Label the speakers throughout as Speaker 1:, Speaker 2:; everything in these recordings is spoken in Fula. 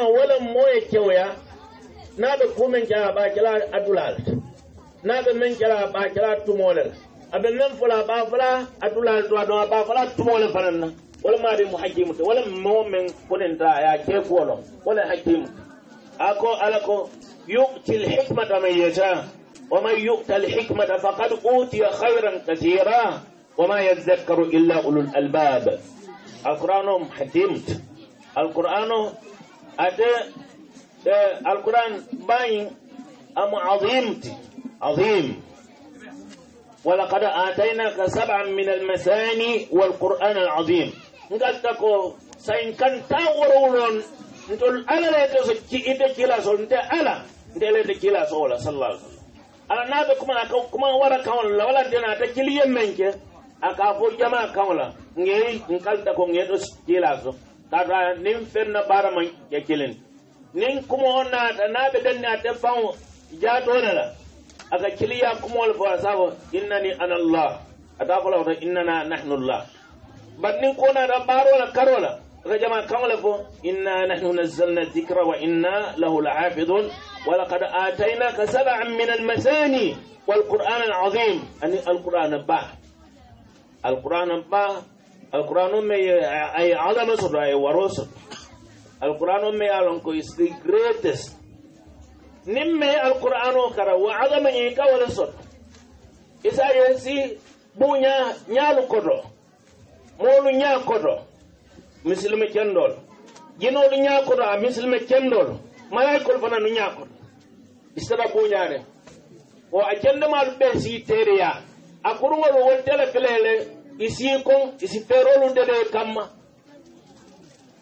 Speaker 1: ma wala moye kewya na da ko men kala ba kala adulal na da men kala ba kala tumolal abin nan fula ba fula adulal to adon ba fula tumolal fanan na wala ma be muhajjimu wala mo men kunin ta ya ke kolo wala hakimu ako alako يؤتي الحكمة من يشاء ومن يؤت الحكمة فقد أوتي خيرا كثيرا وما يذكر إلا أولو الألباب القرآن حكيمت القرآن ate alquran bayin am عظيم azim ولقد آتيناك سبعا من المثاني والقرآن العظيم نقال تكو سين كان تاورولون نتول ألا لا تسكي إيدي كلا سول نتي ألا نتي لا تكلا سولا صلى الله عليه وسلم ألا نابي كما كما ورا كون لا ولا دينا تكلي يمنك أكافو جماع كون لا نجي نقال تكو نجي تسكي لا سول kaata nin fen na baara maŋ ye kiliŋ nin kumoo naata naa be danni ate fawo ya le la a kiliya kuma wal fa sabo innani ana allah ada fo la innana nahnu allah bari nin ko da baro la karo la a jama kaŋo le fo inna nahnu nazzalna dhikra wa inna lahu lahafidun ولقد آتيناك سبعا من المثاني والقرآن العظيم أن القرآن با القرآن با alquran on may ay adama soto ay waro soto alquran on may alonko is the greatest nin me alquran o kara wa adama i ka wala soto isa yensi bu ña ñaalu koto moolu ña koto musilme kendol jinoolu ña koto a musilme kendol malaikol fana nu ña koto istara buñaare o a kendemaalu ɓe si teeriya a kurugol woltela kilele i siin kon i si feerolunde ɗo e kamma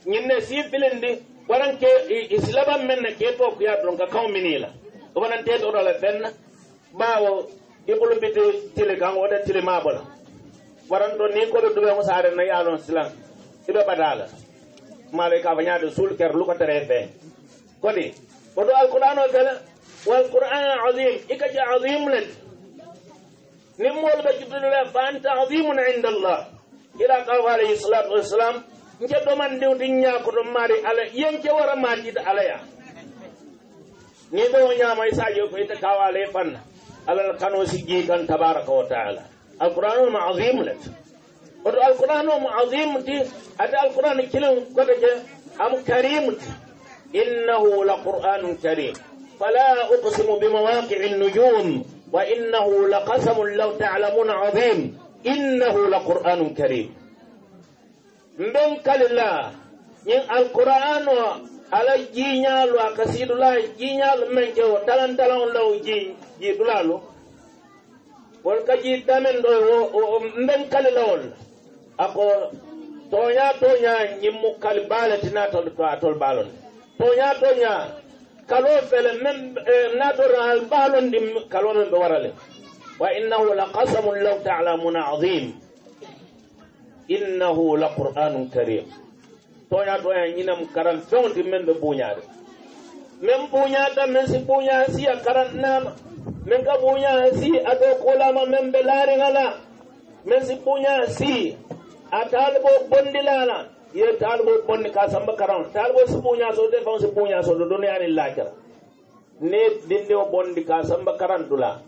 Speaker 1: ñinne siin filindi waran ke i si laban men ne kee too kuyaa ɗon ka kaw miniila obanantetoɗo le fenna ɓaawo i ɓulumbiti tili kan woda tili maabo la waran ɗo ni koɓe duɓe ngo saare na yaalon silan iɓe ɓadaala maalay e ka fañaade suulker lu ko tere e fee kodi oɗo alqouran o fele walqouran azim ikaji azim lete نمول بجد الله فانت عظيم عند الله الى قال عليه الصلاه والسلام نجا دومان ديو دي نياكو دو ماري على ينجا ورا ما جيت عليا ني دو نيا نعم ما يساجو كوي تا كوالي فن على القانون سجي كان تبارك وتعالى القران العظيم لك ودو القران العظيم دي ادي القران كيلو كودجا ام كريم انه لقران كريم فلا اقسم بمواقع النجوم wa innahu la kasamun law talamuna adim innahu la qur'anun karim mben kalila ñin alquran o ala jiñalu a kasidula jiñalu men ke o dalan dalan law ji jiɗulalu won ka ji damen ɗo o mben kalilawol ako toña toña ñimmu kali baletinatol to atol balol toña toña kalo fele men eh, na doro al balon ɗi kalo men ɓe warale wa innahu la kasamun law talamuna adim innahu la qur'anun karim toña toña ñinam karan fewdi men ɓe buñade min buñata min si buña si a karannama min ka buña si a do kolama min ɓe laariŋala min si buña si a talɓo bondilala yer taalibo bonni ka samba karan taalibo si puñasoo de faŋ si puñasoo to duniyaani laakira ne dindiŋo bondi ka samba karan dula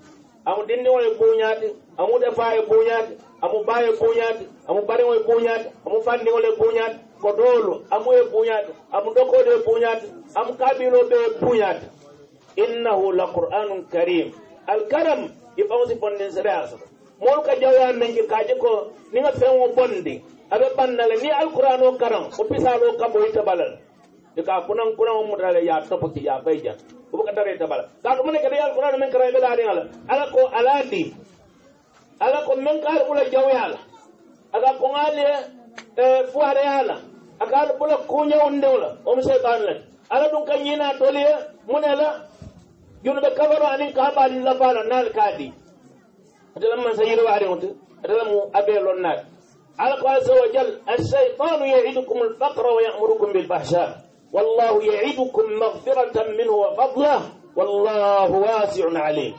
Speaker 1: amu dindiŋo ye puñaati amu de faa ye puñaati amu baa ye puñaati amu bariŋo ye puñaati amu fandiŋo le puñaati ko doolu amu ye puñaati amu dokkoo de puñaati amu kaabiloo be ye puñaati innahu la qur'anun karim alkaram i faŋ si bondin sereya soto moolu ka jawyaa meŋ ke kaa je ko niŋa feŋo bondi aɓe ɓannale ni alqouran o karan o pisalo kamɓo yitta ɓalal eka kunan kunan o mutale ya topoki ya bayjan oɓoka dare yitta ɓala ka ɗumane kadi alqouran men kara ɓe laari ala ala ko ala di ala ko men kaal ɓula jawyala aga kongaali e fuwareyala akaal ɓula kuñawndewla omo cheytan le ala ɗum ka ñiina toliye munela junuɓe kabaro anin ka haɓaali lafala naal kaa di adalamman sa yirowaari onte adalamu aɓe lonnaade على قال عز وجل الشيطان يعدكم الفقر ويأمركم بالفحشاء والله يعدكم مغفرة منه وفضله والله واسع عليم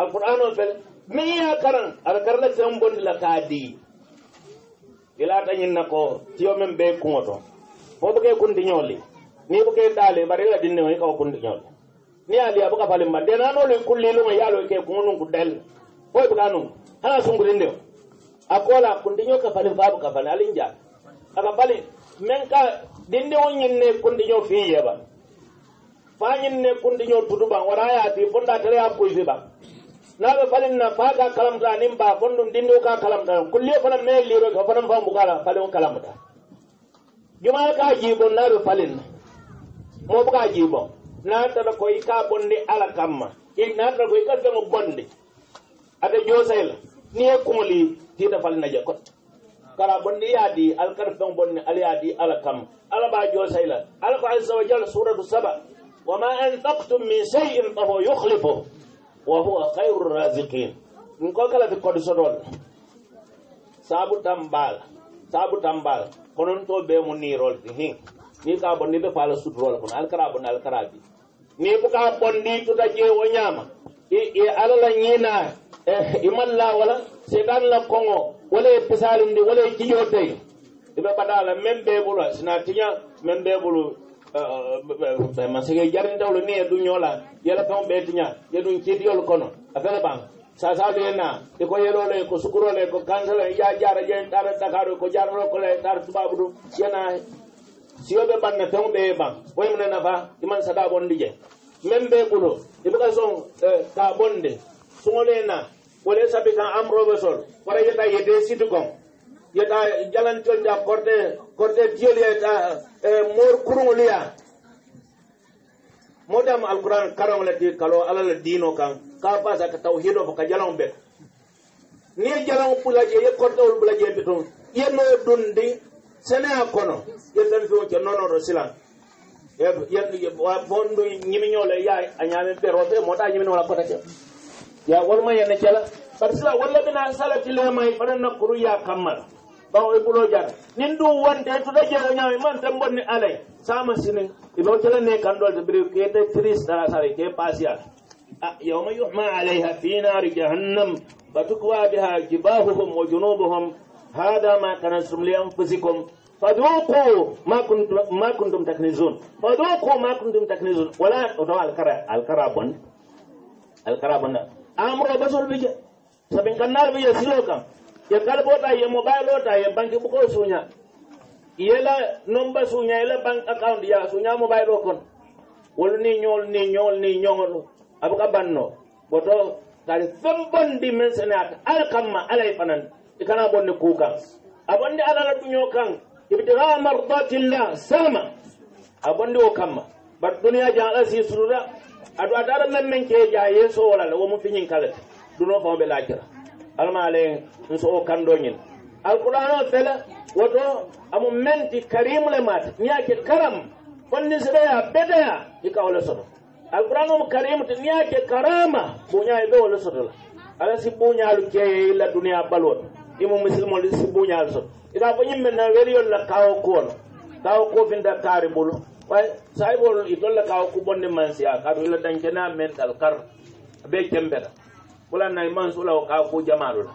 Speaker 1: القرآن والفل ميا كرن على كرن سنبون لكادي إلا تنين نكو تيوم من بيك كموتو فبكي كنت نيولي ni buke dale bare la dinne woni ka kundi nyol ni ali abuka pale mbande na no le kulli lu ma yalo ke kunun kudel boy buka no hala sungulinde a kola kundi ñoo kafani faabu kafani alin jaa aka bali men ka dinde wo ñin ne kundi ñoo fii yeba faa ñin ne kundi ñoo tudu ban wara ya fii fonda tere ya kuisi ba naa be falin na faa ka kalamta nin ba fondu dinde wo ka kalamta kulliyo fana mee liiro ka fana faa mbukala falin wo kalamta jumaa ka jiibon naa be falin na moo bu ka jiibon naa tara ko i ka bondi ala kamma naa tara ko i ka seŋo bondi ate joosey la ni ye kumuli tita fali na jakot kara bondi yadi alkar fen bonni al yadi ala kam ala ba jo sayla ala ko azza wa jalla suratu saba wama anfaqtum min shay'in fa huwa yukhlifu wa huwa khayrur raziqin min ko kala fi kodo sodol sabu tambal sabu tambal konon to be mun ni rol ni ni ka bonni be fala sut rol kon al kara bonni al kara bi ni bu ka bonni tuta je wo nyama i ala la ñiina eh, i malla wala seytan la koŋo wala ye pisaalindi wala ye jijootey i be bata la meŋ bee bulu sina tiña meŋ bee bulu eh, eh, masike jarindewolu niŋ ye du ñoo la yela feŋo bee tiña ye duŋ ciitiyolu kono a fele baŋ saasaalu ye naa i ko yeloo le ko sukuro le ko kansala i ye jaara je taara dakaaro ko jaarano ko la taara tubaabudu ye naa siyo be baŋ ne feŋo bee ye baŋ wo ye mu ne nafa i maŋ sataa bondi je min b'e bolo i bɛ ka sɔn k'a bɔ nin de sɔngɔlen na wale sabi kan amro bɛ wala yɛ taa jalan tɔn ja korte kɔrɔtɛ diyeli yɛ taa mori kurun ya modam alquran karan la di kalo ala le dino kan ka sa ka tawhido ka jalan be ni jalan pula je ye korto pula je biton ye no dundi sene akono ye tan fi ke nono ro silang bondo ñimiñole ya a ñamen perrote mota ñiminola pota ke ya wolma yene kela par sila walla bina salati lemay fana nakkuru ya kammala bawo e jara nin ɗum wonde tuta jeeɗo ñaami man tan sama sinin iɓe kela ne kandolde biri kete triste ke pasiyal يوم يحمى عليها في نار جهنم فتكوى بها جباههم وجنوبهم هذا ما كنتم faduku ma kuntum taknizun faduku ma kuntum taknizun wala oto alkara alkara bon alkara bon amro basol bije sabin kannar bije silo kam ye kalbota ye mobile ota ye banki buko suña yela nomba suña yela bank account ya suña mobile o kon wolu ni ñool ni ñool ni ñoolu abuka banno boto tari fem bon di men sene ata alkamma alay fanan ikana bonne kuukan abonde alala duño kan ibtiga mardatillah salma a gondi o kamma bat duniya jaala si surura aɗu adara nan men ke ja yeso walala womo fiñin kala duno fawɓe lakira almale so o kandoñin alquran o fela woto amo menti karimle mata ñake karam fonnisiɗoya ɓeɗaya hika ole soto alquran omo karimte ñake karama buñaye ɓe ole sotola alasi buñalu keeye illa duniya balwoto imo musilmol si buñal so ita fo ñimmen na weriyol la kawo kuwono kawo kofinta kaari bulu way sahibol itol la kawo ku bonde mansiya kaatu ila dañkena mental kar be kembeta bulan nay mansula o kawo ku jamalu la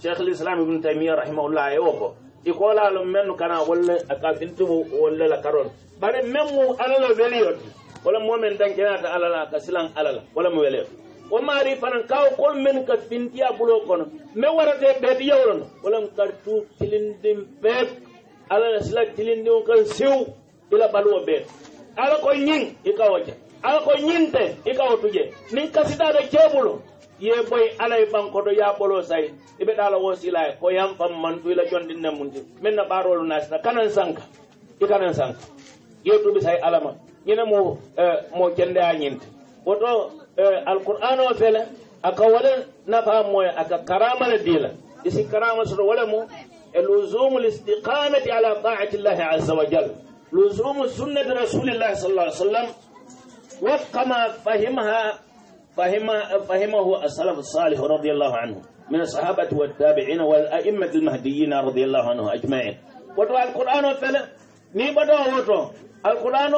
Speaker 1: cheikh l'islam ibnu taymia rahimahullah e o fo i koolaalum mennu kana walla ka fintumu walla la karol bare men mu alala weliyot wala momen dañkenata alala ka silan alala wala mo weliyot o maari fanan kaw kol men ka fintiya bulo kono mi warate ɓeet yewrono walam kartu tilindin ɓeet alah sila tilindin kan siw ila ɓaluwo ɓeet ala ko ñin ikawo ja ala ko ñinte ikawo tuje min kasitaɗo ceɓulo ye boy alay bankoto yaɓolo say iɓeɗala wo silaye ko yam fam mantu ila jondin nemmundin min no ɓarolu nasita kanan sanka ikanan sanka yettuɓi say alama ñinemo eh, mo kende a ñinte woto القران وفلا اقول wala nafa moya aka karama la dila isi karama so لزوم الاستقامة على طاعة الله عز وجل لزوم سنة رسول الله صلى الله عليه وسلم وكما فهمها فهم فهمه السلف الصالح رضي الله عنه من الصحابة والتابعين والأئمة المهديين رضي الله عنه أجمعين وتو القرآن وفلا ني بدو وتو القرآن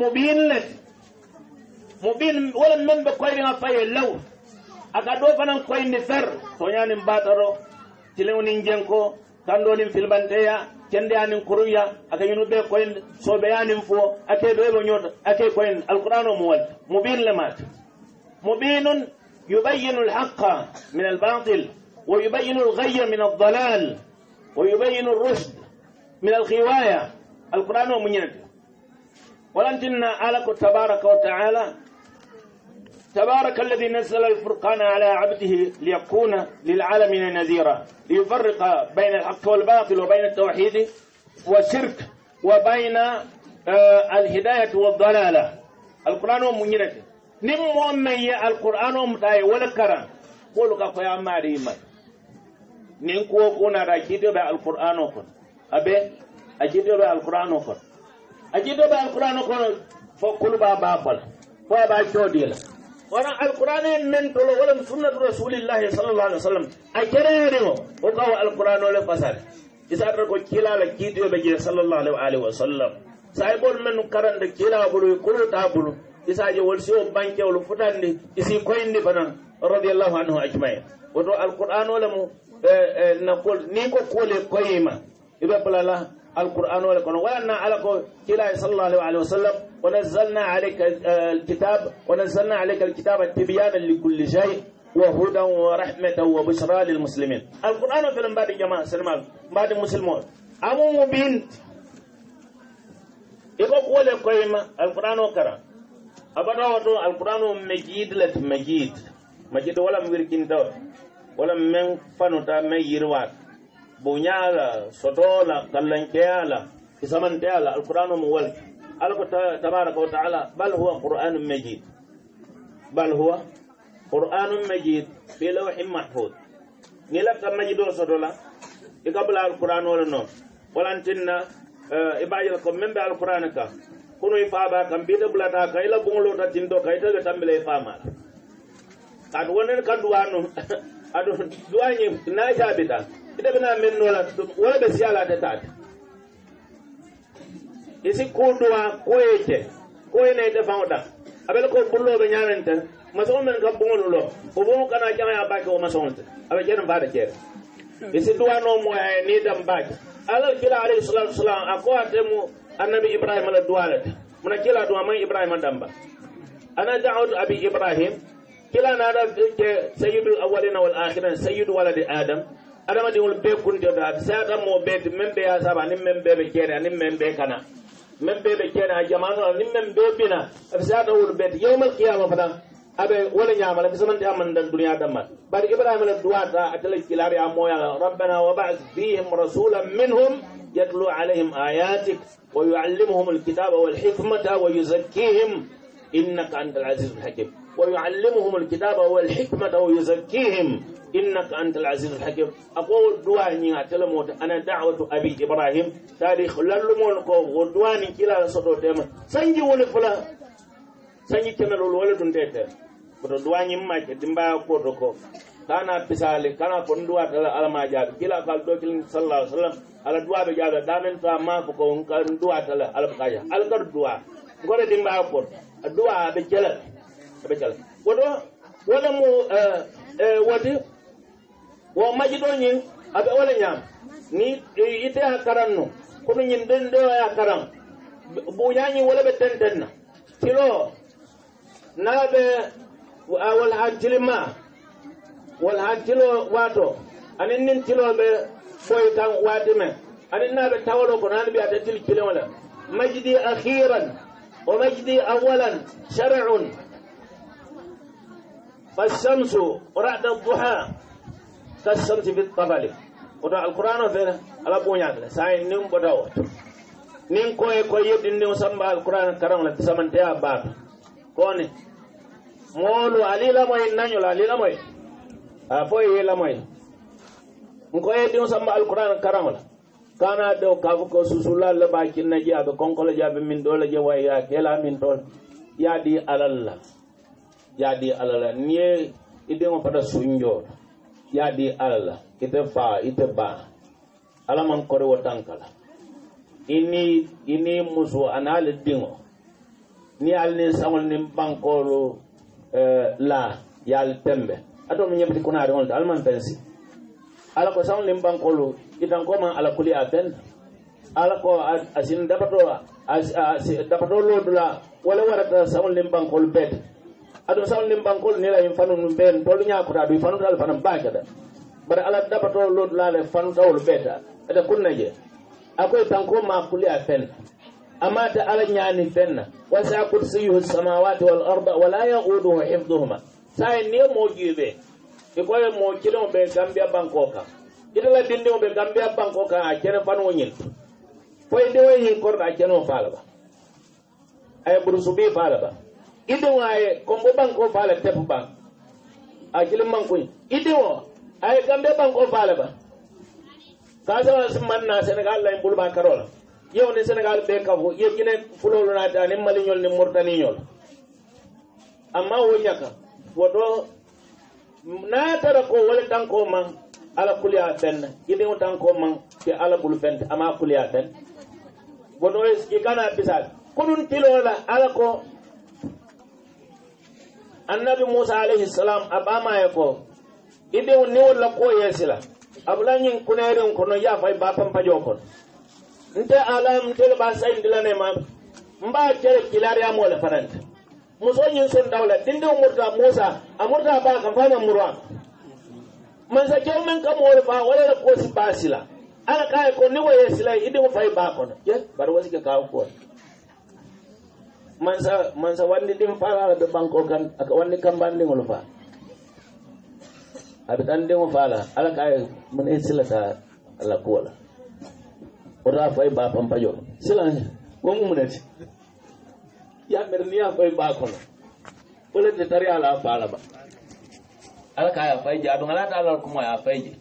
Speaker 1: مبين لك فبين ولا من بكوين نفاي لو أكادو فانا كوين نفر فنيان مباترو تلون نجنكو تاندون في البنتيا كندي أنم كرويا أكينو بكوين صوبيا نفو أكيد دوي بنيوت أكيد كوين القرآن موال مبين لمات مبين يبين الحق من الباطل ويبين الغي من الضلال ويبين الرشد من الخواية القرآن ومنيات ولن تنا على تبارك وتعالى تبارك الذي نزل الفرقان على عبده ليكون للعالمين نذيرا ليفرق بين الحق والباطل وبين التوحيد والشرك وبين آه، الهداية والضلالة القرآن منيرك نمو من القرآن متاي ولا كران قولوا كفايا مريما ننكو كنا راكيدو القرآن وكن أبي أجيدو بالقرآن وكن أجيدو القرآن وكن فقلوا بابا فلا فأبا شو ديلا wona alqurana en mentolo walam sunnatu rasulillahi sallallah alih w sallam a jereerio o kawa alqouranole fasat isaata ko kilala kiitoyoɓe jee sallallah alih wa alihi wa sallam sa e ɓon men karanta kilabolo kolo tabolo isaji wol si o bankewlo futandi isi koyndi bana radiallahu anhu ajmain woto alqouranole mo e, e nakol ni ko koole koyima iɓe blala القرآن ولكن وأن على كلا صلى الله عليه وسلم ونزلنا عليك آه، الكتاب ونزلنا عليك الكتاب التبيان لكل شيء وهدى ورحمة وبشرى للمسلمين القرآن في بعد الجماعة سلمان بعد المسلمون أبو مبين إيكو قولي قيمة القرآن وكرا أبدا وطو القرآن مجيد لت مجيد مجيد ولا مغير كنتو ولا من فنوتا من يروات boñaala sotoola kallan ƴeyaala fisaman ɗeyaala alquran omo wali ala ko tabaraka wa taala bal huwa quranu majid bal huwa quranu majid fi lawhin mahfud ñila kam majido sotola i gabla alquran ole noon walantinna eh, i ɓajala ko membe alquran ka kono i faaɓa kam mbiɗe ɓulata ka i la boŋolota tinto ka itege tambile i faamala kaatu wonen kandu wa nu aɗu duwañi naacaɓi tan ɓiɗe ɓena mennola ɗum wala ɓe siyalade taade isi kunduwa koyete koyenayi defawɗa aɓele ko ɓulloɓe ñarente masoo men kam ɓoolulo o bo kana jaaya bake o masoonte aɓe ceene mbaɗa ceere isi duwanomoya e ni dam bake ala kila alayhi salatu wasalam a ko atemu annabi ibrahima la duwalete mona kila duwa ma ibrahima damba ana daoudu abi ibrahim kila naɗa ke sayidu alawalina walakhirin sayidu walade adame adamadiŋolu bee kuntioto a be seata moo bee ti meŋ bee ye a saba aniŋ meŋ bee be keene aniŋ meŋ bee kana meŋ bee be keene a jamano la niŋ meŋ bee bina a be seata wolu bee ti yowmal kiyama fanaŋ abe wala ñama la bisamanti aman dan duniya damma bari ibrahima la duwata atala kilar ya moya la rabbana wa ba'th fihim rasulan minhum yatlu alaihim ayatik wa yuallimuhum alkitaba wal hikmata wa yuzakkihim innaka antal azizul hakim ويعلمهم الكتاب والحكمة ويزكيهم إنك أنت العزيز الحكيم أقول دواني أتلموت أنا دعوة أبي إبراهيم تاريخ للمونك ودواني كلا سطو تيم سنجي ولفلا سنجي كمل الولد انتهت ودواني ما جدنبا أقولك كان بسالك كان فندوا على ما جاء كلا قالتو صلى الله عليه وسلم على دوا بجاء دامن فما فكو انكار دوا على المكاية على كر دوا قولي دنبا ɓe jala woɗo wona mo wode eh, eh, wo maƴi ɗo ñin aɓe ole ñaam ni e, itte ha karan no kono ñin ɗen ɗo e ha karan ɓuñañin wola ɓe tentenna tiro naɓe wol han tilima wol han tilo waato anen nin tiloɓe foy tan waadi men anen naɓe tawalo ko nani ɓiyata tili kilio le majdi ahiran o majdi awalan shar'un kasi samsu ra'adama ba'a kasi samsu bi fafali ko ta ala k'u ya fila sa yai ko ye ko yadi n den saman al'ukuran karawala tasa ma ba ta kone munu alila moin na la alila moin a foyi yi la moin n ko yadi n saman al'ukuran karawala ka na dauka ko susu la la bakina jafe kankola jafe min dole je waye ke la min dole ya bi alalla. Yadi alala la ide pada sunyor. sunjo fana alala jɔ fa ite ba alaman kore kɔri wa Ini kala i ni ni muso ni ale ni ni la yal tembe a mi nyebti kuna a yɛrɛ ala man fɛn ala ko samol ni bankolo idan ko ma ala kuli a ala ko asin dapato la ni bankolo bet aɗo sawlini bankol nira en fanunu mbeen tolu ñakota ɗo fanutaɗo fana mbakeɗa bara ala daɓato lodulale fanuɗawol ɓeeta ete kunnaje akoye tanko makuli a fenna amata ala ñaani fenna wasa kursiyuhu samawati wal arda wala yaquduhu hifduhuma sa e niye mojuɓe ikoye mo kilimo ɓe gambia banko kan itala dindimo ɓe gambia banko kan a kene fanuo ñin foye ndewo hikorɗa a kene o faalaba aye ɓursubi faalaba idewo aye kombo banko faala tepu ban a jilin bankoyi idewo aye gambe banko faala ba kasawa siman na senegal lay bulba karola yow ni senegal be kafo yo kine fulolu naata ni maliñol ni mortaniñol amma wo ñaka woto naatara ko wala tanko man ala kuliya ben idewo tanko man ke ala bulu fente ama kuliya ben woto eski kana bisal kunun tilola ala ko annabi musa alayhi salam a ɓamaye ko i ɓew niwolla ko yesila abulañin kunerin kono yafay ba pampaƴo kon nte ala ntele ɓa sayindilane ma mba kere kilariyamole fanante musoñin son dawla ɗinde murta musa a murta ba kam fana murwa mansa kew men kam wore fa walere koosi ba sila ala kaye ko niwo yesila i ɓew fay ba kono e bara wasike kaw kone mansa mansa wandi dim fala be banko kan aka wandi kam bandi ngol fa abi tan dim fala ala kay mun isla ta ala kola ora fay ba pam pajo silan gongu munati ya ya fay ba kono wala de tari ala fala ba ala kay fay ja ngala ala ta ala kuma ya fay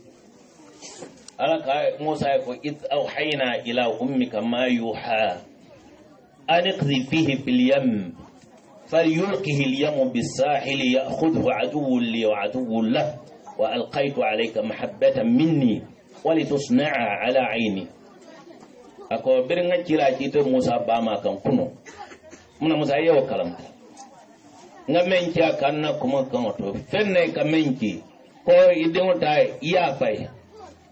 Speaker 1: ala kay musa ya ko it au hayna ila ummika ma yuha أن اقذي فيه في اليم فليلقه اليم بالساحل يأخذه عدو لي وعدو له وألقيت عليك محبة مني ولتصنع على عيني أكو برنا كلا كتر موسى باما كان كنو من موسى يو كلام نمينك كان كما كنتو فنة كمينك كو يدنو تاي يافاي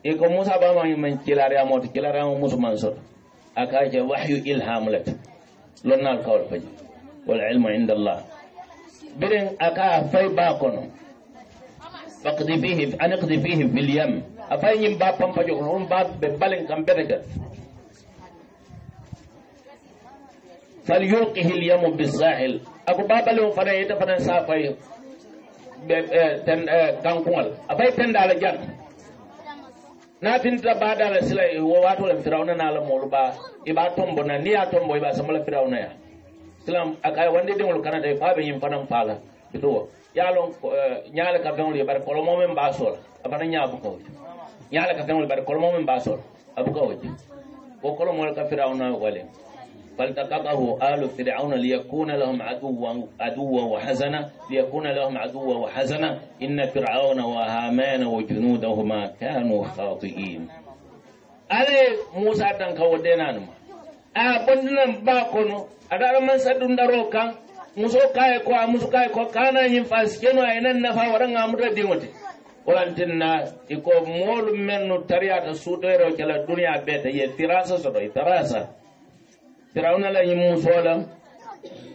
Speaker 1: إكو موسى باما يمين كلا ريا موت كلا ريا موسى منصر أكاك وحي إلهام لتو لنا القول فجي والعلم عند الله برين أكا فاي باكونو فاقضي فيه أن اقضي فيه في اليم أفاي يم باب بام فجي قرون باب ببالن كم برقة فليوقه اليم بالساحل أكو باب لهم فرأي يتفرن سافي آه، تن آه، كانكوال أفاي تن دالجان أفاي تن دالجان nafinta badala sila watola firawuna na alamolu ba iba tombo na ni ya tombo iba samala firawuna ya sila akaya wande dingolo kanada ifabe yimfana mpala bituwa yalon eh, nyala ka fengolo yabari kolomo me mbasola abana nyabu kwa uji nyala ka fengolo yabari kolomo me mbasola abu kwa uji kwa kolomo ka firawuna wale فالتقطه آل فرعون ليكون لهم عدوا عدوا وحزنا ليكون لهم عدوا وحزنا إن فرعون وهامان وجنودهما كانوا خاطئين ale musa tan ka wodenanuma a bondinan ba kono aɗa aɗa man saddundaro kan muso kaye ko a muso kaye ko kana yin fasikeno a enan nafa waɗanga muta diŋote walantinna iko moolu men no tariyata suutoyero kela duniya bete ye tirasa soto i tarasa فرعون لا يموت ولا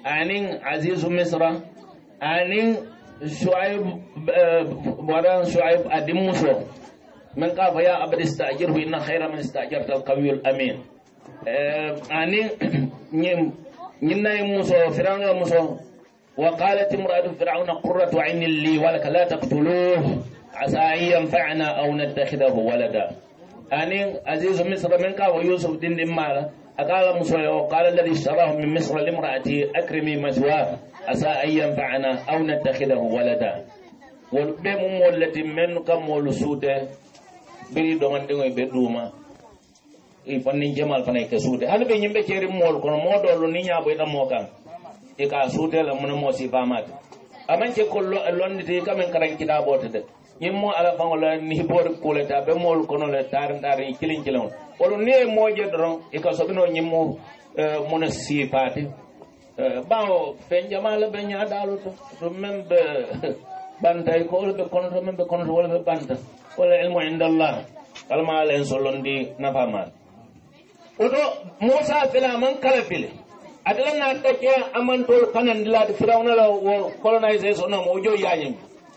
Speaker 1: أنين عزيز مصر أنين شعيب shuaib شعيب eh, أدم adin من قال يا أبد استأجره إن خير من استأجرت القوي الأمين أنين نيم نينا موسى فرعون موسى وقالت امرأة فرعون قرة عين لي ولك لا تقتلوه عسى أن ينفعنا أو نتخذه ولدا أنين عزيز مصر من قال يوسف دين مالا قال موسى قال الذي اشتراه من مصر لامرأته أكرمي مثواه عسى أن ينفعنا أو نتخذه ولدا والبيم التي من كم ولسودة بري دومان دي بدوما ifanni jamal fana ke suude hali ɓe yimɓe ceeri mool kono moo ɗollo ni ñaaboyta moo kan i ka suude la mune moo sifaamaate aman ce ko lonnite kamen karan kitaabote de ñin mo ala faŋo la ni boori kuulete a ɓe mool kono le taari taari kiliŋ kiliŋo oɗon ni e mooƴe ɗoron e ka soɓino ñimmo mona siifaate ɓawo feen ƴamaala ɓe ñaaɗaalo to ɗum men ɓe ɓantay ko wala ɓe konoto men ɓe konoto wala ɓe ɓanta wala elmo indallah kalamaala en sollondi nafamaata oɗo moosa fela man kala fele adalanaa ɗacce amantol kanandilaade firawnala wo colonisation nomo o joyyañim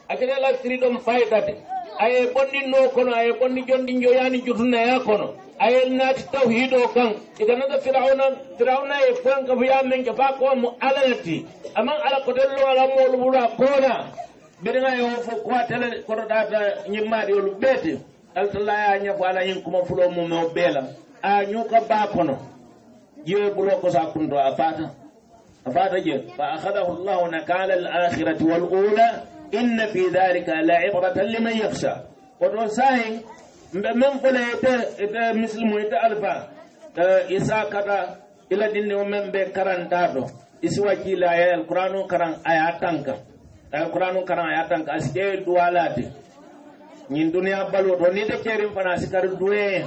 Speaker 1: akedela firi ɗon fayitate aye ɓonɗinno kono aye ɓonɗi jonɗi joyani jutunaya kono aye naati tawhid o kan iganata firawna firawna e foen ka fiya men jafa komo alalati aman ala kotello ala molo ɓura kona mbeɗega e o fo kowa tele kotoɗata ñimmaɗi olu ɓeete altalla ya ñafo ala hen kuma fulo mum o beela a ñuka ba kono ƴewe ɓuro ko sa kunto a fata a fata ƴe fa ahadahu llahu nakala l'akhirati wal ula إن في ذلك لا عبرة لمن يخشى والرسائي من قل يتا مثل مهيت ألفا إساء كرا إلا دين ومن بكران تارو إسوا كيلا يا آية القرآن كران آياتانك آية القرآن كران آياتانك أسكي دوالاتي نين دنيا بلو دو نيدا كيرين فانا سكر دوين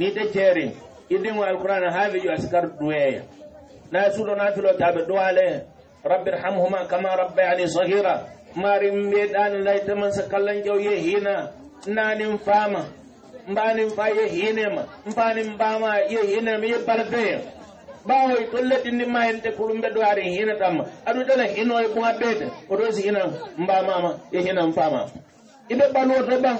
Speaker 1: نيدا كيرين إدين والقرآن هذا يو أسكر دوين نا سودو تابدوالي رب ارحمهما كما ربياني صغيرا marin meɗani laytama sa kallanƴew yehina nanin fama mbanin fa yehinema mbanin mbama yehinema ye balbeya ɓawoy to leɗɗini ma hen tekkolum mbeɗɗo ari hina tamma aɗu ɗana hino e ɓoa ɓeyde oto si hina mbamama ye hinam famama iɓe ɓanoto ɓan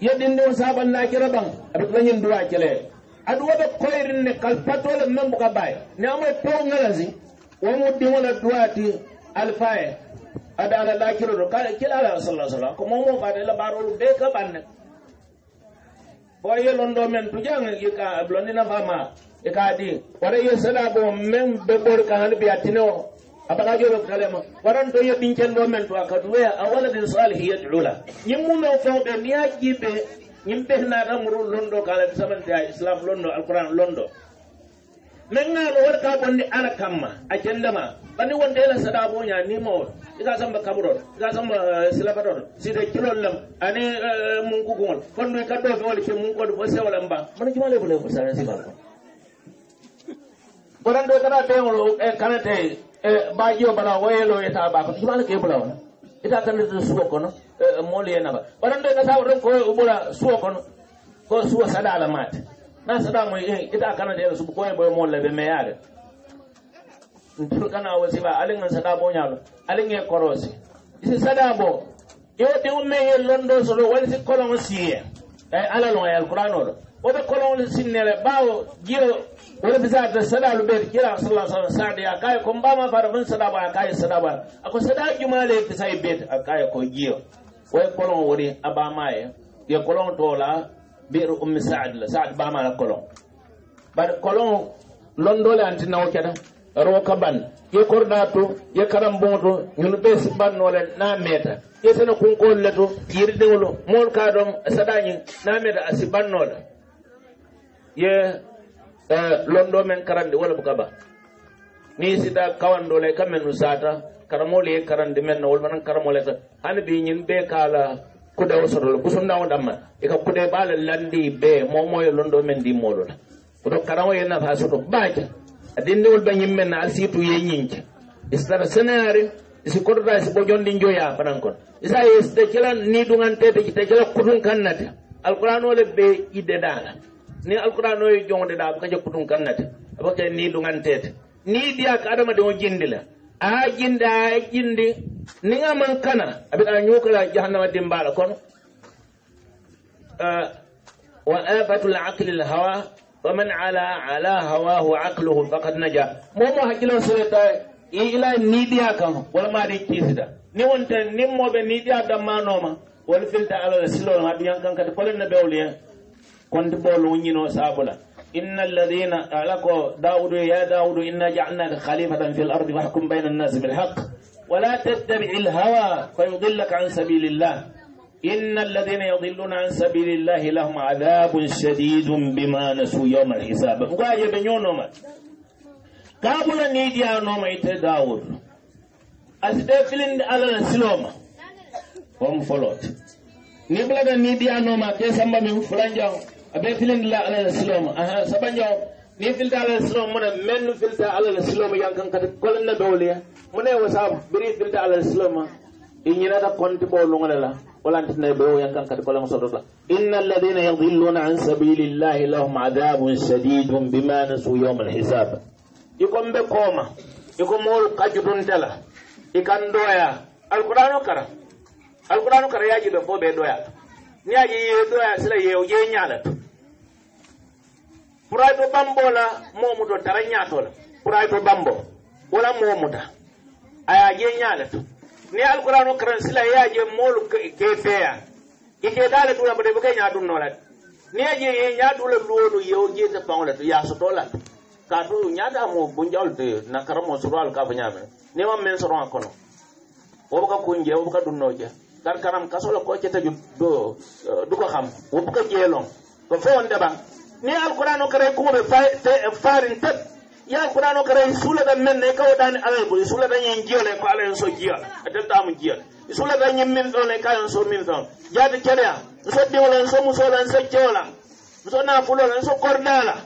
Speaker 1: yeɗɗinde o sabannakira ɓan aɗu ɗañin duwa celele aɗu waɗa koyrinne kal patole membo ka baye ne amo e pewgalasi womo ɗimola duwati alpha e adaana laakilo ɗo kala kilaala sala sallam ko momo fade labaarolu ɓe ka ɓanne fo yelonɗo men tujang ika blondi nafa ma ika di wara yo sadaɓo men ɓe ɓor ka hani biya tine o a ɓaka joɓe kalema waran to yo ɗinkenɗo men to a kaduwaya a waladin salihi yadula ñimmumen fewɓe mi ya jiɓe ñim ɓe naata muru londo ka alati samanti a islam londo alquran londo men ngaalo warka gonɗi ana kamma a cendema bani wondela saɗamoña nima o iga samba kaɓuron iga samba silabaton sida kilol lam ani munkukugol fonduy kaɗɗo fewol eh, ke munkode eh, fo sewolam ba mana cuma lefo lefo sa sibako gorande kata teol kanate ba ƴio bala woyelo yeta ɓako cumala ke bula ona ita kandeto suwo kono eh, moolie naɓa gorande kata woton ko ɓula suwo kono ko suwo saɗala mate na saɗamo ita kanatel suɓu koye ɓoye mool laɓe meyaga kana wasi ba alin an sada bonya lo alin ye korosi isi sada bo yo de umme ye londo so lo wal si kolon siye ay eh, ala lo al qur'an o o be kolon sinnere bawo giro o wala bisa da sada lo be kira sallallahu alaihi wasallam sada ya kai kon ba ma farfin sada ba kai sada ba ako sada jumale bisa be kai ko giro way kolon wori abama ye ye kolon to la bir ummi sa'd la sa'd ba ma la kolon bar kolon londo le antina o kedan roka ban ye korna to ye karam bon to ñun ɓe sibannole na meeta ye sene kunkol le to yiridiŋolo mool ka ɗon saɗañiŋ na meeta a sibannole ye uh, londo men karandi wala bu kaba ni sida kawandole ka men nu sata karamol ye karandi men na wolmanan karamole ta hani bi ñin ɓe kala kude o sotola gusumnawo ɗamma e ka kude ɓaala landi ɓe momoye londo men ndimmolola koto karamo ye nata soto baja dendewol ɗo yimmen alsitu ye ñiñca isara sénare isi kotota si bo jondi joya fanan kon isa yeside cela ni ɗugantede te cela kutum kannate alqouranole ɓe idde ɗaga ni alqouranoye jonde ɗa bo kaje kutum kannate abo kae ni ɗugantede ni diya ko adama de o jindi le a jindi a jindi ni aman kana aɓeɗa ñukala jahannama dimbaɗa kono wa afatu l'acle l hawa فمن على على هواه عقله فقد نجا مو مو حكيلو سويتا الى نيديا كان ولا ما دي كيسدا ني وانت ني مو به نيديا دما نوما ولا فيلتا على سلو ما بيان كان كد فلن بيولي كنت بولو ني نو سابلا ان الذين علقوا داوود يا داوود ان جعلنا خليفه في الارض واحكم بين الناس بالحق ولا تتبع الهوى فيضلك عن سبيل الله إن الذين يضلون عن سبيل الله لهم عذاب شديد بما نسوا يوم الحساب ب نوم كابل نيدينوم يت داود أسد فلن ل سلوم هم فلوت نبلد نيدينوم ك سمب م فلنجو أبي فلن ل ل سلوم سبنجو ni filta alal silom mune men filta alal silom yankankati kolen na dowliya mune wasa biri filta alal siloma i ñinata konti ɓo lungole la ولا نتنا بيو ينكن كتقول مصدر إن الذين يضلون عن سبيل الله لهم عذاب شديد بما نسوا يوم الحساب يكون بكوما يكون مول قجبون تلا يكون دويا القرآن كرا القرآن كرا يجي بفو بدويا نيجي يدويا سلا يوجي نيالت puraito bambo la momuto tara ñato la puraito bambo wala momuta aya je ni alqouran o karan sila yaje moolu kee feeya i ke daale duula bode bo ke ñaadun no lat ni a je ye ñaaduula luwolu yeo jeete pao lat yaasoto lat kaatu ñaata mo bo njawl te na karamo sutoalu kaa fo ñaame ni ma men soron a kono wo boka kun je wo boka dunno je kar karam kasola ko cetaju do duko xam wo boka jeelong ko fe on deɓa ni alqouran o karay e kumoɓe faarin tet yaa kurano karay suulata men ne kawtani alay bo suulata yen jiyole ko alayen so jiyal adeltamu jiyal suulata yen min ɗon e kayen so min ɗon jaade keɗeya so diwolen so musolen so jewola so na fulolen so kornala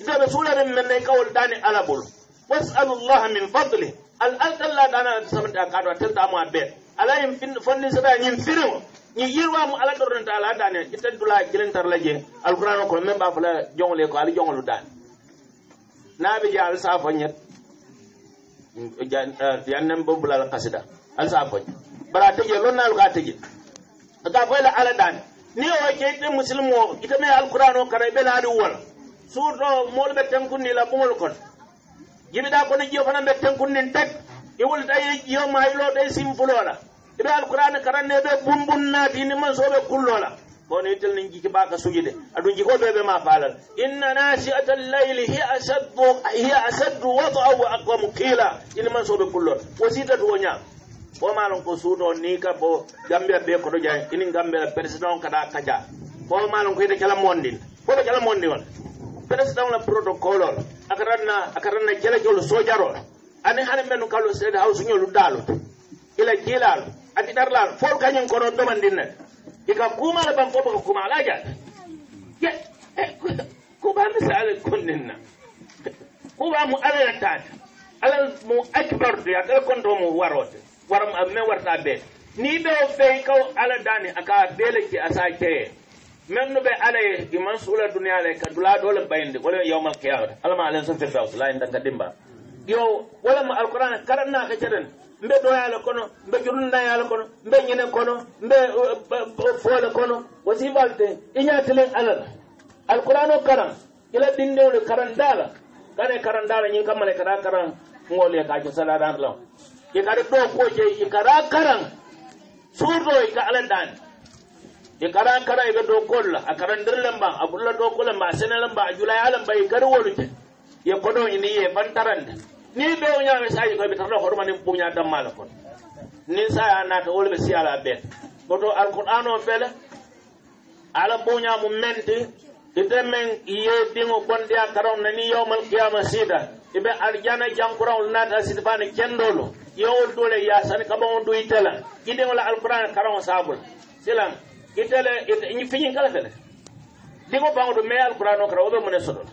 Speaker 1: itoɓe suulata men ne kawol dani ala bol wasalu llah min fadli al altalla dana samanta kaɗo a teltamu a ɓeen alayen fin fonni seɗa yen firimo ñi yirwamu ala ɗornata ala dani ittandula jilentar la je alkurano ko men mbafula jongole ko ala jongolu dani Eh, naa ɓe jaal saa foñet yannen bo bulal kasida al saa foñ bara tejee lon naalu kaa tejee aga foy la ala daane ni o keyte musilme o itame alquran o kara ɓe laali wol suur ɗo moolu ɓe tenkunni la ɓumol kon jibiɗa kono jiyo fana ɓe tenkunnin tek i wulitaye jiyo maayiloɗo e simfulola iɓe alquran karanne ɓe bumbun naatini man sooɓe kulloola bono itel nin jiki baka sujude aɗum ji ko bebe ma falal inna al-layli hi asaddu hi asaddu wad'a wa aqwam qila ina man soɓe kullon wasitatu wo nya bo malon ko suuno ni ka bo gambia ɓe koto jaye ini gambia président kada kaja bo malon ko kala cala mondin do cala mondi on president la protocole akaranna akatanna akatanna jelejol sojarol ani men menu kalo seede haw suñolu dalu ila jiilal ati for kanyen ko do domandinne ika kuumala ban fo boko kuuma ala jaa e, kuuba misala konninna kuuba mo alana taata ala mo acbarde ya kala konto mo warote waram a min warta bee ni ɓe o fey kaw ala daani aka beele ki asa keye min no ɓe alaye iman suula duniya la ka dula ɗo le bayinde wala yawmal kiyama alama alen sofir fewsa laa yin dan ka dimba yo wala mo alqouran karannaka caɗen mbe ɗoyaalo kono mbe jurunnayaalo kono mbe ñene kono mbe uh, foole kono wasimbalte iñaatilen alal alquran o karan ila ɗinndewle karandaala kane karandaala ñin kammane kata karan ŋoolee ka cosalaɗanlaw i kata ɗo pojey i kata karan suurdo i ka alandaani i kata kara i ka do kool la a kara ndir lemba a bulla do kolemba a sene lemba a julayaalemba i kata wolute ye kodoñi ni ye fantarande ni ɓeo ñaame sa yikoy mi tarno koɗumani buña dammala kon ni saya naata wolɓe siyala ɓeen goto alqur'an o fele ala buña mu menti ite men yeddingo gonɗiya karaw nani yowmal qiyama sida iɓe e aljana jankuraol naata sidi fani kendolo yowol dole yasani kaɓa o duyi tela iɗingola alqur'an e karao sabul silan itele fiñin kala fele ɗigo bangoɗu mai alqur'an o kara oɓe mune soɗol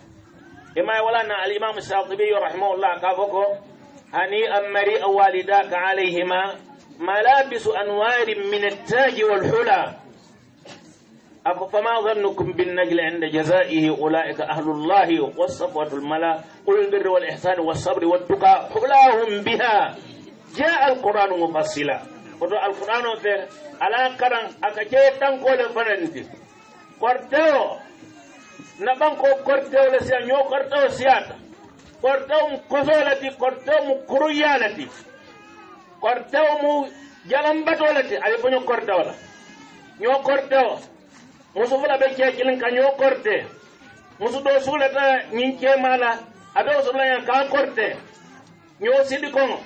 Speaker 1: كما يولانا الإمام الشاطبي رحمه الله كافوكو هنيئا مريئا والداك عليهما ملابس أنوار من التاج والحلى فما ظنكم بالنجل عند جزائه أولئك أهل الله والصفوة الملا قل البر والإحسان والصبر والتقى حلاهم بها جاء القرآن مفصلا قلت القرآن على ala karan قول فرنتي tan naɓan ko kortewle siya ño kortewo siyata kortewo mu kosolati kortewo mu kuruyalati kortewo mu jalambatolati aɗa foño kortewola ño kortewo musu fula ɓe ceekilin ka ño korte musu ɗo suulata ñin ceemala aɗa osulaya ka korte ño siɗi kono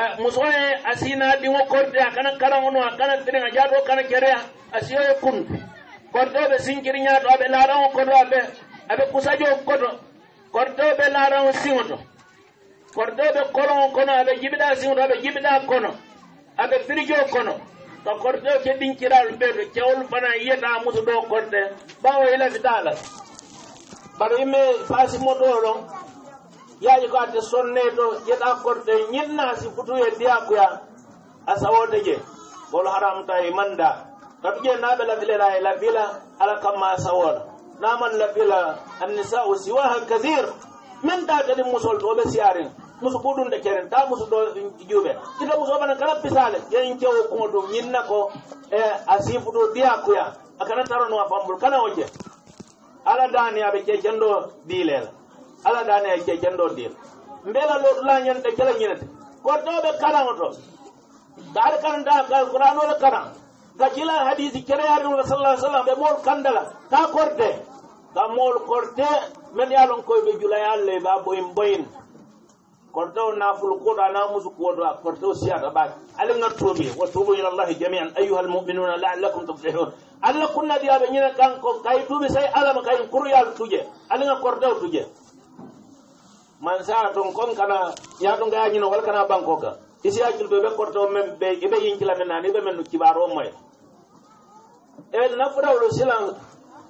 Speaker 1: a musoye a sina ɗiŋo korte a kana karaŋo no a kana tiriŋ a jaato kana kereya a siyoye kunte gortoɓe sinkiriñaɗo aɓe laaran o koto aɓe aɓe kusaji o koto gortoɓe laaran o siŋoto gortoɓe kolon o kono aɓe jiɓiɗa siŋoto aɓe jiɓiɗa kono aɓe firijo kono ko korto keɗinciraɗo ɓeeto cewol fana yiyata musu ɗo korte ɓawo hilafitala e bara yimɓe fasimo ɗo ɗon yaaji ko adde sonne to yeɗa korte ñinnasi futu e ndiyakuya a sawodeje gol haramta e manda katuje naɓe lafilela e lafila ala kamma sawola naman lafila annisau siwahan kasir min ta tadi musol to ɓe siyarin musu ɓuɗum de keren ta musu ɗo jube tita muso ɓana kala pisale yen kewo kumo ɗum yinna ko e a sifutu diya kuya a kana taranoa fambol kana o je ala dani aɓe cecenɗo diilela ala dani aɓe cecenɗo diil mbela lotula ñande kala ñinete ko toɓe kanaŋo to taari kananta alqouranole kanan ka jila hadisi kereyaɗum wa sallah sallam ɓe mool kandala ta korde ka mool korde min yalon koyɓe julay allah ɓa boyin boyin korde o nafulu koɗo ana musu kuwoɗo a korde o siyata ɓaki ala gartuomi wa tubu ila llahi jamian ayuha almuminuna laallakum tuflihun allah kunnadiyaɓe ñina kanko kay duuɓi say alama kayen kuruyal tuje alaga korde o tuje man sara ton kon kana yaɗo gayañino wala kana banko ga isi acul ɓe ɓe korde o men ɓe eɓe yincila men nani ɓe men no kibaro o moye el nafurawlo silaŋ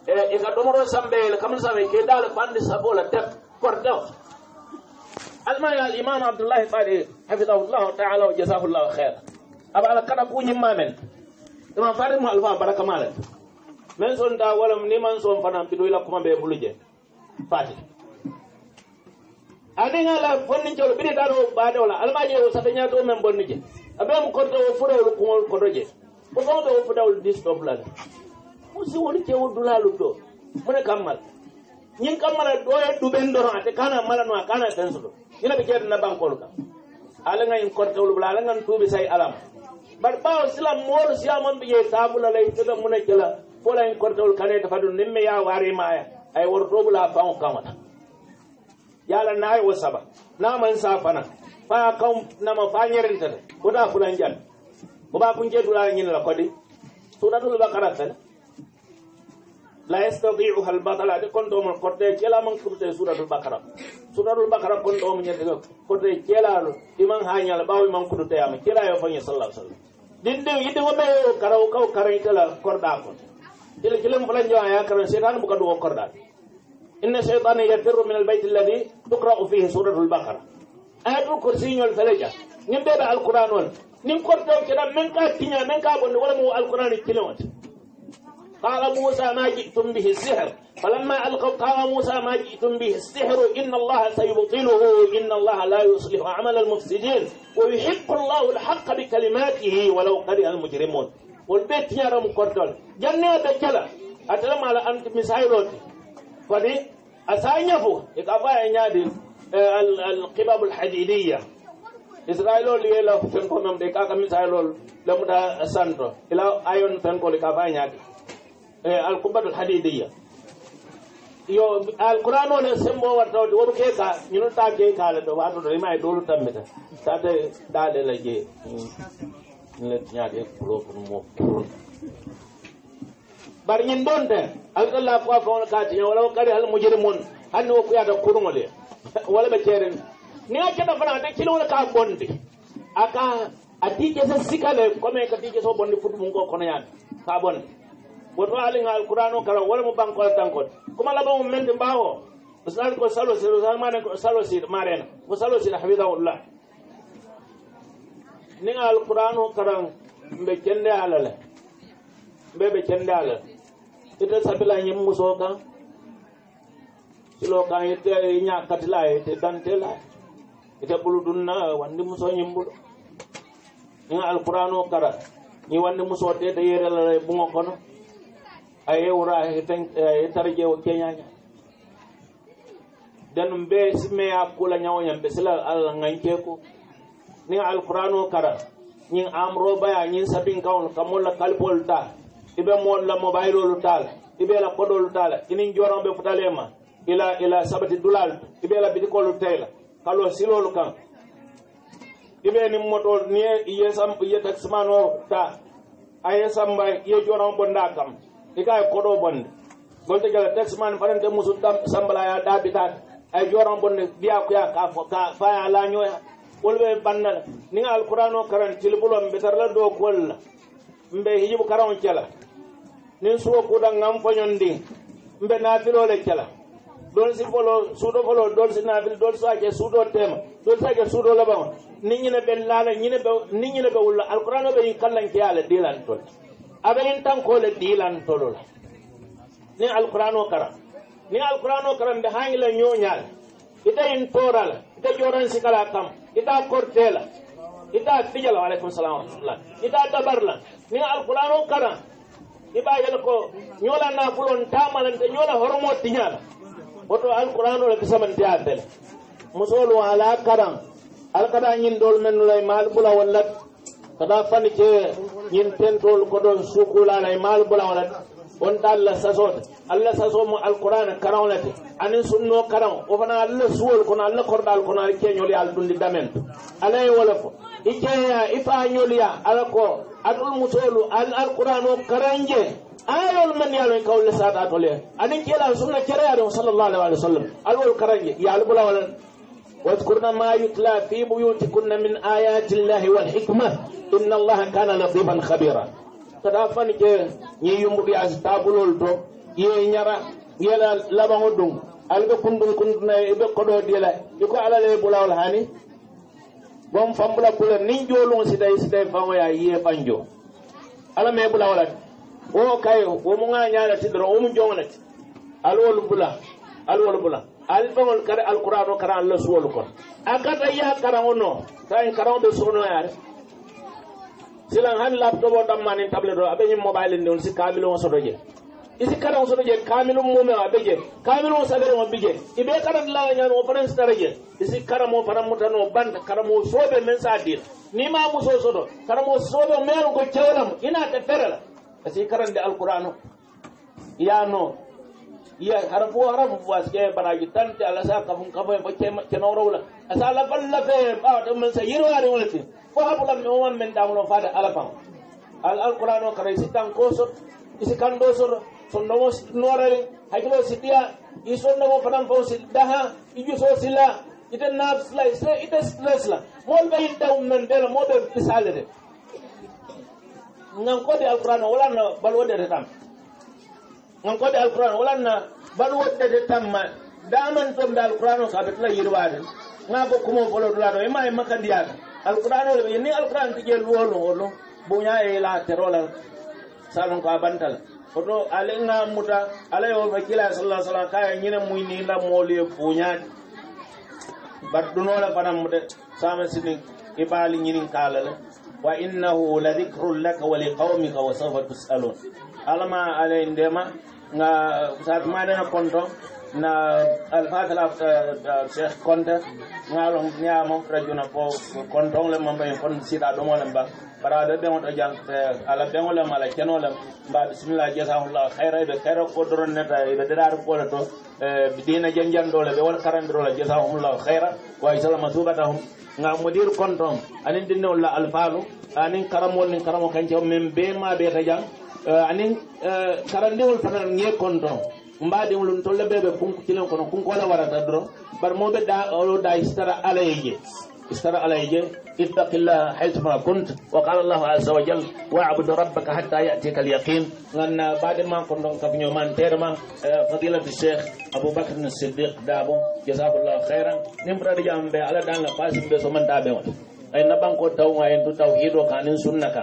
Speaker 1: i e, e ka domoro sambeel kamn sam kidaal fandi sabola deb korde almaya al imam abdoullahi ɓaɗi hafidahu llahu taala o jasahullahu heer aɓa ala kata ɓuñimmamen ɗuma farimo alfa barakamalen min son da walam ni man son fanan ɓiɗoyla kuma ɓe buluje fati aniŋala bonnincolo ɓiɗi ɗaɗo ɓaɗe ola almaje o sateñato men bonni je aɓemo korde o furawlo kuŋol koɗo je ɓe o fotawol distoplan musi woni cewol dulalu to mune kammal ñin kammala ɗoya ɗuɓen doro ate kana malano a kana sensoto ina ɓe ceedana bankol kam ala gayin kortewol bula ala gan tuuɓi say alam bar ɓawo silam moolu siyaman ɓe ƴee sabula lay toga mune kela fola hen kortewol kaneta fadu nimme ya warimaya ay wortobula fan kamata yala nayi wo saba naman sa fana fa kam nama fa ñerintata wota fulan jan boba kunje dula ngin la ko di suratul baqara tan la yastati'u hal batala de kon do mo kotte kela man kurte suratul baqara suratul baqara kon do mo nyede kotte kela lu iman hanya la bawi man te am kela yo fanya sallallahu alaihi wasallam din dinde yidde wobe karaw kaw karay kala korda ko dile kilam fulan jo ya karaw setan bu ko do korda inna shaytana yafirru min al bayt alladhi tuqra'u fihi suratul baqara ayatul kursi nyol falaja nyimbe nin korto kira men ka tinya men ka bonde wala mu alqur'ani tilawat قال موسى ما جئتم به السحر فلما ألقوا قال موسى ما جئتم به السحر إن الله سيبطله إن الله لا يصلح عمل المفسدين ويحق الله الحق بكلماته ولو كره المجرمون والبيت يا رم كورتون جنة بكلا أتلم على أنت مسايلوت فدي أسانيفو إكافا ينادي آه، القباب الحديدية israelol ye la fenkomem de kaka misaylol lemuta santo ila ayon fenkole ka fañaki e alkubatul hadidiya yo alquran ole sembo wat tawde woto keka ñinota keekale ɗo watoto ima e dolu tammita tawde daɗe la jee mm, let ñaade pulofonmo bar ñin ɗonte alkalla foa fewno kaatiñe wala o kari hal mujiri mon hanni o kuyata kurugol ye wala ɓe ceerini ni a keɓa fana ta kilol ka bonde aka a dije sa sikale comme ka dije so bonde fotu mum ko kono yaan ka bonde woto alinga alquran o kala wala mo banko al tankot kuma la bawo mente bawo usnal ko salo se rosal mane ko salo se marena ko salo se habibullah ni nga alquran o kala mbe kende alale mbe be kende alale ita sabila nyim muso ka silo ka ite nya katila ite dantela ita bulu dunna wandi muso nyimbul nga alquran o kara ni wandi muso te te yere la bungo kono ay ewra hiten tarje o kenyanya dan be sime akula nyawo nyambe sala al nganke ko ni alquran o kara ni amro baya ni sabin kawon kamola kalpol ta ibe mon la lu tal ibe la kodol tal ini jorom be futalema ila ila sabati dulal ibe la bidikol tayla halo silol kan ibeni moto ni yesam yetak smano ta ayesam bay ye jona bonda kam ika kodo bond golte gala tax man farante musul tam sambala ya dabita ay jora bonde biya ko ya ka fo ka fa ya la nyoya wolbe bannal ni nga alqur'ano karan tilbulom be tarla do kol mbe hijibu karan kela ni suwo kudan ngam fo nyondi mbe nafilole kela don si folo suuɗo folo don si naafil don so ake suuɗo tema don so ake suuɗo labama nin ñine ɓe laala ñine ɓe nin ñine ɓe wulla alquran o ɓe yin kallankeyale ɗilantol aɓeyin tankole ɗilantolola nin alquran o karam nin alquran o karam ɓe hangila ñoñale ita yin torala ita joran sikala kam ita kortela ita fijala waleykum salam warahmatullah ita dabarla nin alquran o karam iɓa yel ko ñola nafulon tamalante ñola hormo tiñala woto alqouranole bisamanti addele musolu ala karan alkata ñindol mennula e maal bula wallat kata fani ke ñin tentol koɗon sukulala e maal bula wallat wonta allah sasode allah saso mo alqouran karanolete anin sunno karan o fana allah suwol kono allah korɗal kono ala keñol ya aldundi damen alaye wala ko i ceeya i faa ñolya ala ko atol musolu al alqouran o karan je ayol man yaalo e kawle saɗa to le anin keelal sunna kereyade o sallllahu alih wali wa sallam alwol karanje yaalu ɓula walan wadkurna ma yutla fi buyuti kunna min ayati illahi walhikma inna allaha kana latifan habira kada fani ke ñi yumbuɓe as tabulol to ye ñara yela laɓango ɗum alɓe kundum kundunayi eɓe koɗo dila iko alale e ɓulawol hani bon fambula kula nin joolung siday siday fawoya yiye ɓanjo alame ɓulawolati wo kay womu ŋañanati doron womu joŋonati alwolu bula alwolu bula alifaŋolu kara alkurano kara an lasuwolu kono a kata ya karaŋo no tai karaŋo be sonoyare silan han laptobo dammanin table do abe ñim mobilendiŋol si kamilo ŋo soto je isi karaŋo soto je kamilo mumewo abe je kamilo ŋo saberiŋo bi je i be karanti laga ñano o fanaŋ sitara je isi karamo fanaŋ mutano banta karamo soobe meŋ sa dira ni ma musoo soto karamo soobe meeru ko cewolamu ina te ferela asi karande alqurano yano ya hara fo hara fo was ke baraji tante ala sa ka fun ka fo ke ke no rawla asa la balla fe ba ah, do men sa yiru ari wolti fo habu lam no wam men damno faada ala pam al alquran wa kare sitan ko so isi kan do so so no mos no rawi hakilo sitia i so no fanam fo si daha i ju so sila ite nafs la ite stress la mol be inta um men dela mo be bisalede ngan kodi alquran wala na balwode de tam ngan kodi alquran wala na balwode de tam ma daman tom dal alquran ka betla yirwaade nga ko kumo folo dula do imay makandiya alquran wala ni alquran tije luwolo wolo bunya e la terola salon ko abantal foto ale nga muta ale yo fakila sallallahu alaihi wasallam kaya nyina muyni la mole bunya bat dunola fanam muta sama sinin ibali nyinin kala la وإنه لذكر لك ولقومك وسوف تسألون ألما على عندما سات ما دنا كونتو نا الفات لا آه، آه، شيخ كونتا نا لون نيا مو رجونا بو كونتو لم ما بين كون سيدا دومو لم با برا دو بيو تو جان آه، على بيو لم على كينو لم با بسم الله جزاه الله خيرا بخير قدرن نتا بدار قولتو بدينا جنجان دوله بول كارن دوله جزاه الله خيرا واي سلام سوبتهم gam mo ɗir contom anin dinne olla alfalu anin karamol nin karamo kanke o min be ma ɓe ta jang eh, anin eh, karandiwol fana ñe contom mbaɗiol tolle ɓeɓe kunku cilen kono kunku ola warata dro bat mo ɓe da oɗo da histara alaye je استمع عليه اتق الله حيثما كنت وقال الله عز وجل واعبد ربك حتى ياتيك اليقين لان بعد ما كنت كفنيو من تيرما آه، فضيله الشيخ ابو بكر الصديق دابو جزاه الله خيرا نمر ديام بي على دان لا بس من دابو وات اي نبان كو تاو اي دو كان سنك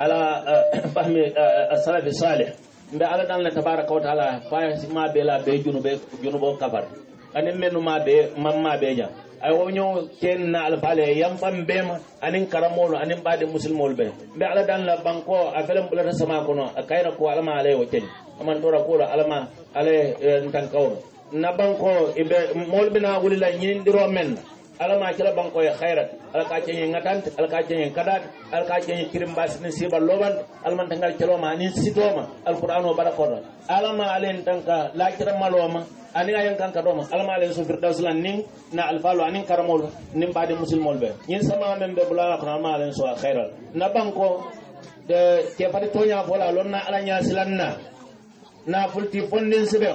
Speaker 1: على آه، فهم آه، السلف الصالح mbe ala dan la tabaraka wa taala fa ma be la ان junubo junubo kabar anen menu ma be mam ma be jam ay ñoo ken na fale yam fam bema anin no anin bade muslimo be be ala dan la banko a felem ta sama kono kayra ko alama ale wo ken aman dora ko alama ale eh, tan kawro na banko ibe mol bina wulila nyin diro men ala ma kila banko ya khairat ala ka cenye ngatant ala ka cenye kadat ala ka cenye kirim bas ni siba loban ala man tangal ma ni sitoma alquran o barakora ala ma alen tanka la kira maloma ani ŋa yeŋ kanka ɗoma alama alayhi so firdaus la nin na alfalu anin karamol nin baadi musilmol ɓe ñin samaanen de bula alakono alama alayhi so a xeyral na banko e ke fati toñafola lon na ala ñasilan na na fulti fondin sibe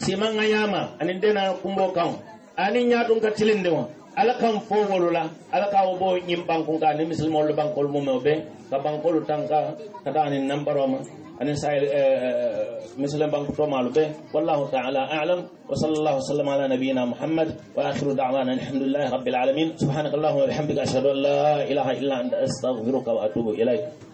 Speaker 1: siman ŋa ñama anin dena kumbo kaŋ anin ñatun ka tilindiŋo ala kan fowolu la ala ka wo bo ñin bankun ka ani misilmolu bankolu mumeo ɓe ka bankolu tan ka kata anin nambaroma أنا سائل مثل بنك تومال والله تعالى أعلم وصلى الله وسلم على نبينا محمد وآخر دعوانا الحمد لله رب العالمين سبحانك اللهم وبحمدك أشهد أن لا إله إلا أنت أستغفرك وأتوب إليك